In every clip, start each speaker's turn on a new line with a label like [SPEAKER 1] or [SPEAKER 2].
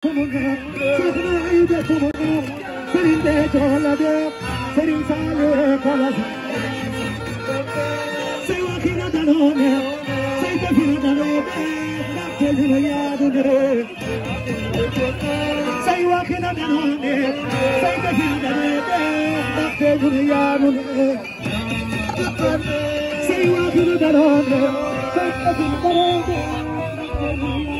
[SPEAKER 1] Kumungarap, sakna ayuda kumungarap, serin de chola diap, serin salu kolas. Sewa kina dalone, seita kina dalone, nakkelina yadunre. Sewa kina dalone, seita kina dalone, nakkelina yadunre. Sewa kina dalone, seita kina dalone, nakkelina yadunre.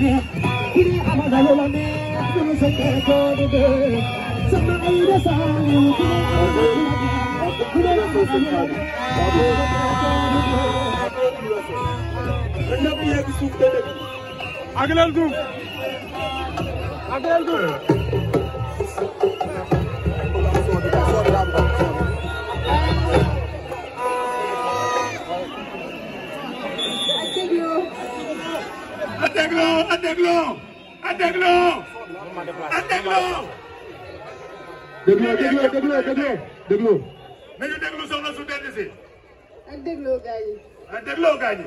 [SPEAKER 1] ne ku ne amagalo la ne ku ne sa kër koo de sama ay de saa ne ku ne ku ne amagalo la ne ku ne suuf de ak leen suuf ak leen suuf dégloo a dégloo a dégloo a dégloo dégloo dégloo dégloo dégloo dégloo nañu déglu soxna su dend si a dégloo gaañi a dégloo gaañi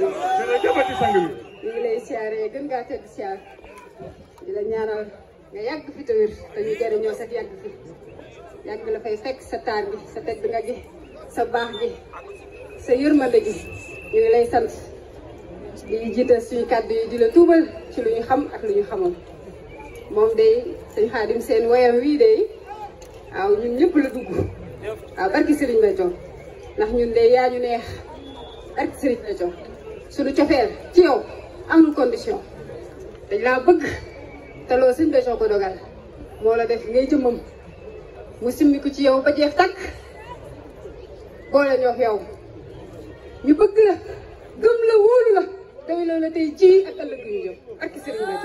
[SPEAKER 1] jërëjëfati sang bi. ñu gën ngaa tedd siyaar di la ñaanal nga yàgg fi te te ñu jëriñoo sa yàgg fi yàgg la fay fekk sa taar gi sa tedd nga gi sa baax gi sa yërmande gi ñu lay sant di jiita suñu kàddu yi di la tuubal ci lu ñu xam ak lu ñu xamoon moom day sëñ xaadim seen woyam wii day waaw ñun ñëpp la dugg waaw barki sëriñ Béthio ndax ñun de yaa ñu neex barki sëriñ Béthio suñu cofeel ci yow amul condition dañ laa bëgg te loolu sëñ Béthio ko dogal moo la def ngay jëmmam mu simmi ko ci yow ba jeex takk boole ñoo yow ñu bëgg la gëm la wóolu la dawaloo la tey jii ak ëllëg ñu jëm ak sëriñ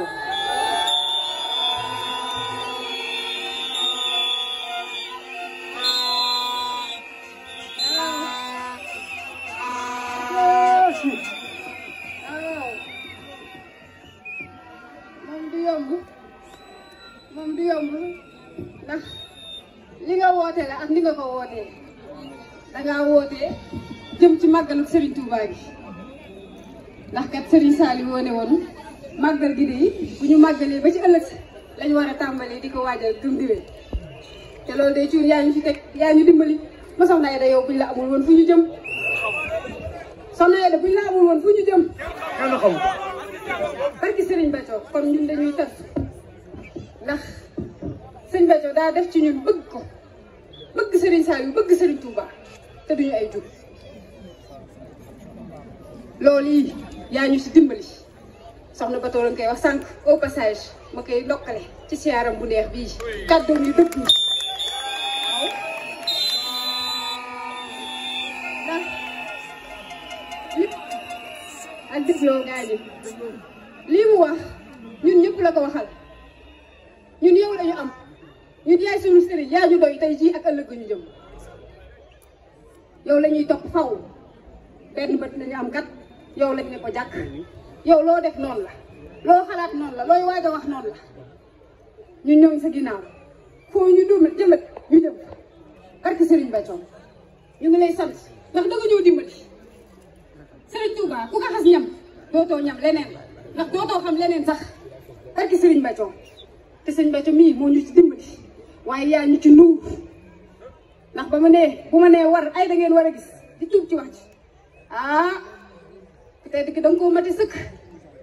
[SPEAKER 1] wootee dangaa wootee jëm ci màggalu sëriñ Touba gi ndax kat Serigne Saliou woone woon màggal gi de bu ñu màggalee ba ci ëllëg lañ war a tàmbalee di ko waajal gëm diwee te loolu de cuur yaa ñu fi teg yaa ñu dimbali ma soxna Aida yow buñ la amul woon fu ñu jëm soxna Aida buñ la amul woon fu ñu jëm barki Serigne Bethio kon ñun dañuy tas ndax Serigne Bethio daa def ci ñun bëgg ko bëgg Serigne Saliou bëgg Serigne Touba te duñu ay jur loolu yi yaa ñu si dimbali soxna Bato lañ koy wax sànq au passage ma koy lokkale ci siyaaram bu neex bii kàddoom yu dëgg ak yi lii mu wax ñun ñëpp la ko waxal ñun yow dañu am ñun yaay sunu sëriñ yaa ñu doy tey jii ak ëllëg ñu jëm yow la ñuy topp faw benn bët la am kat yow lañ ne ko jàkk yow loo def noonu la loo xalaat noonu la looy waaj a wax noonu la ñun ñoo ngi sa ginnaaw foo ñu duum jëmët ñu jëm barke Serigne Bacon ñu ngi lay sant ndax danga ñëw dimbali Serigne Touba ku ko ñam dootoo ñam leneen ndax dootoo xam leneen sax barke Serigne Bacon te Serigne Bacon mii moo ñu ci waaye yaa ñu ci nuur ndax ba ma nee bu ma nee war ay da war a gis di tuub ci wax ji ah peut-être que koo mati sëkk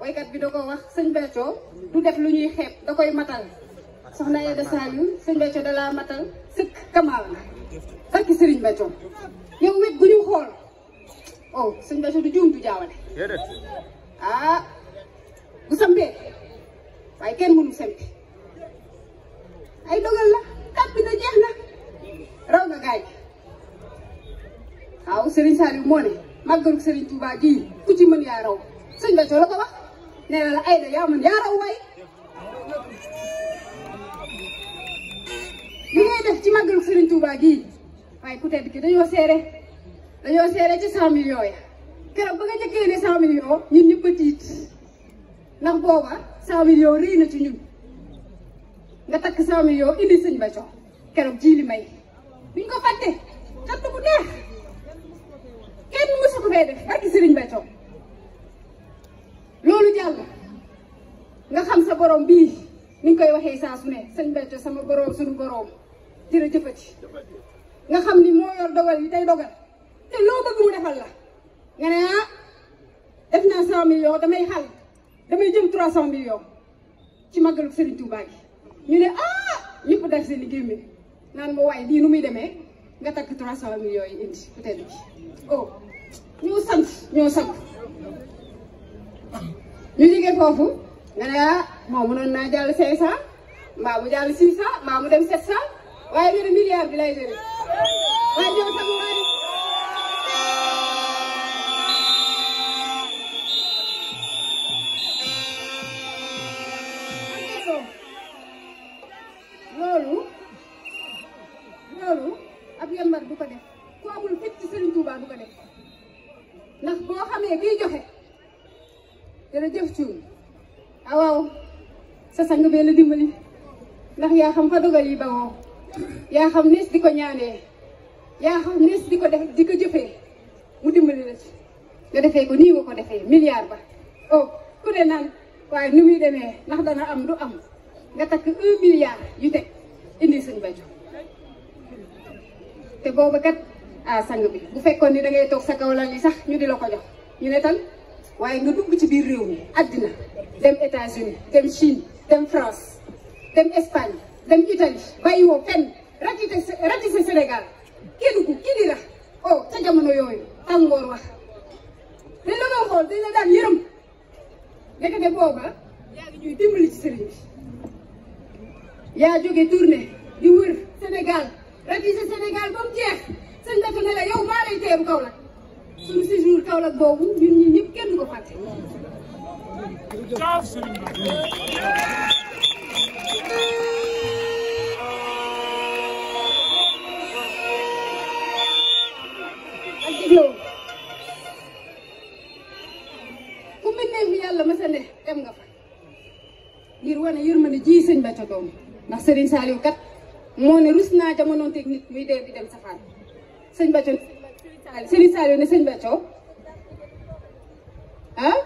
[SPEAKER 1] waykat bi da ko wax sëñ Béthio du def lu ñuy xeeb da koy matal soxna Aida Saliou sëñ Béthio da laa matal sëkk kamaal na barki sëriñ Béthio yow wet bu ñu xool oh sëñ Béthio du juum du jaawale ah bu sambee waaye kenn mënu sempi Serigne Saliou moo ne màggalu Serigne Touba ku ci mën yaa raw sëñ Bacso la ko wax nee ay da yaa mën yaa raw waay. li ngay ci màggalu Serigne Touba ki dañoo seere dañoo seere ci 100 millions ya keroog ba nga njëkkee ne 100 millions ñun ñëpp a tiit booba 100 millions ci ñun nga takk 100 millions indi sëñ Bacso keroog ji li may buñ ko fàtte xat bu neex. kenn mësu ko fee def barki Sëriñ Béthio loolu jàll nga xam sa borom bii ni ñu koy waxee saa su ne sëñ Béthio sama borom suñu borom jërëjëfati nga xam ni moo li mu defal la nga ne ah def naa 100 millions damay xal damay jëm 300 millions ci màggalu Sëriñ Touba ñu ne ah ñëpp daj seen i gémmiñ naan ma waaye lii nu muy demee. nga takk 300 millions yi indi ku tedd bi oh ñu sant ñoo sant ñu liggéey foofu nga moom ah noon mënoon naa jàll 500 mbaa mu jàll 600 mbaa mu dem 700 waaye benn milliard bi lay jëlee waaye ñoo sant sang bee la dimbali ndax yaa xam fa dogal yi bawoo yaa xam nees di ko ñaanee yaa xam nees di ko def di ko jëfee mu dimbali la nga defee ko nii nga ko defee milliard ba oh ku ne naan waaye ni muy demee ndax dana am du am nga takk un milliard yu te indi suñ bajo te booba kat ah sang bi bu fekkoon ni da ngay toog sa kaw lal yi sax ñu di la ko jox ñu ne tan waaye nga dugg ci biir réew mi àddina dem États-Unis dem Chine dem France dem Espagne dem Italie bàyyiwoo fenn ratissé ratissé Sénégal Kédougou Kidira oh ca jamono yooyu tàngoor wax dañ la doon xool dañ la daan yërëm ndekete booba yaa ngi ñuy dimbali ci sëriñ yaa jóge tournée di wër Sénégal ratissé Sénégal ba mu jeex sëñ dafa ne la yow maa lay teeru kaw la suñu séjour Kaolack boobu ñun ñi ñëpp kenn du ko fàtte. ak dégloo ku mu yàlla ma sa dem nga fa ngir wane yërmande ji sëñ Bacca doom ndax Serigne Saliou kat moo ne rus naa jamonoonteeg nit muy dee di dem safaan sëñ Bacca. Sall Serigne Sall ne sëñ Bethio ah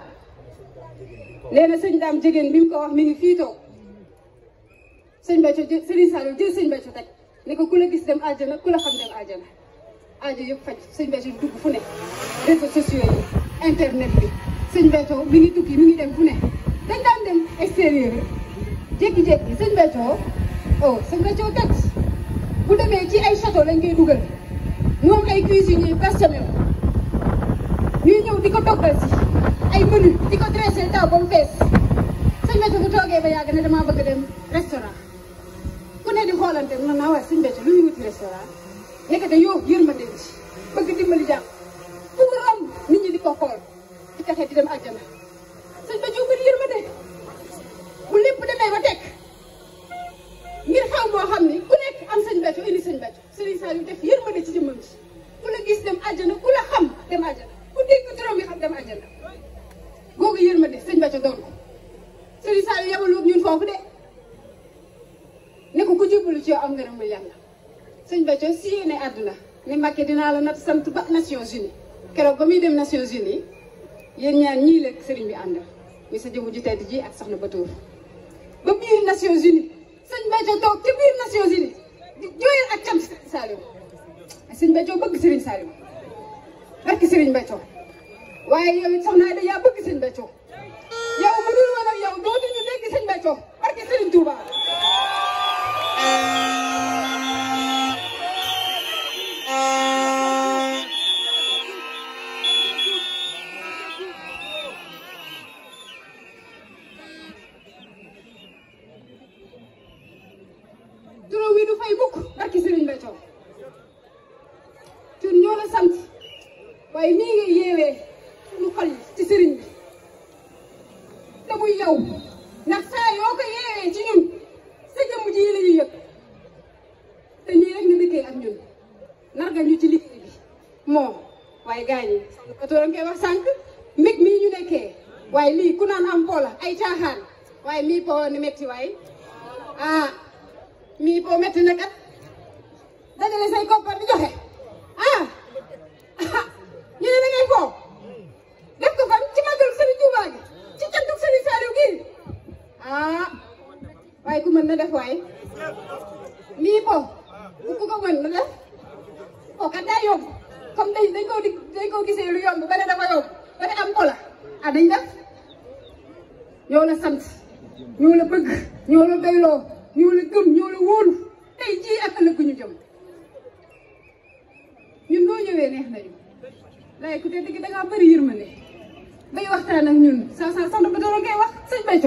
[SPEAKER 1] nee na daam jigéen bi mu ko wax mi ngi fii toog sëñ Bethio jël Serigne Sall jël sëñ Bethio teg ne ku la gis dem àjjana ku la xam dem àjjana aajo yëpp faj sëñ Bethio dugg fu ne réseaux sociaux yi internet bi sëñ Bethio mi ngi tukki mi ngi dem fu ne dañ dem extérieur jékki-jékki sëñ Bethio oh sëñ Bethio kat bu demee ci ay château lañ koy dugal. moom ay cuisinier personnel ñuy ñëw di ko toggal si ay menu di ko dressé taw ba mu fees sëñ Béthio bu toogee ba yàgg ne damaa bëgg dem restaurant ku ne di xoolante mën naa waaye sëñ Béthio lu ñu wuti restaurant nekkate yow yërmande bi bëgg dimbali jàmm fu mu am nit ñi di ko xool di taxee di dem àjjana sëñ Béthio bëri yërmande bu lépp demee ba tekk Serigne Saliou def yërmande ci ci ku la gis dem àjjana ku dem àjjana ku dégg turam bi sëñ Bacca doon ko Serigne Saliou yabalu ñun foofu de ko ku ci am ngërëmul yàlla sëñ si yéene àdduna ne Mbàkke dinaa la nat sant ba Nations Unies keroog ba muy dem Nations Unies yéen ñaar ñii la sëriñ bi àndal muy sa ji ak soxna Batour ba biir Nations ci biir Nations Unies di jooyal ak cam Saliou sëñ Béthio bëgg sëriñ Saliou barki sëriñ Béthio waaye yow it soxna Aida yaa bëgg sëñ Béthio yow bu dul woon ak yow dootuñu dégg sëñ Béthio barki sëriñ waaye nii ngay yeewee xol ci sëriñ bi te muy yow ndax saa yoo ko yeewee ci ñun sa jëmm ji la ñuy yëg te nii rek nga dëkkee ak ñun nar nga ñu ci liggéey bi moo waaye gaañ yi atoor koy wax sànq mbég mii ñu nekkee waaye lii ku naan am poola ay caaxaan waaye mii po ni metti waaye ah mii po metti na kat say koppar di joxe man na def waaye lii moom bu ko ko na def kooku at daa yomb comme dañ dañ koo di dañ koo gisee lu yomb ba ne dafa yomb ba ne am ko ñoo la sant ñoo la bëgg ñoo jii ak ëllëg ñu jëm ñun noo ñëwee neex nañu lay ku te dëgg da ngaa bëri yërmande bay waxtaan ak ñun sa sa sant ba doon ngay wax sëñ Béthio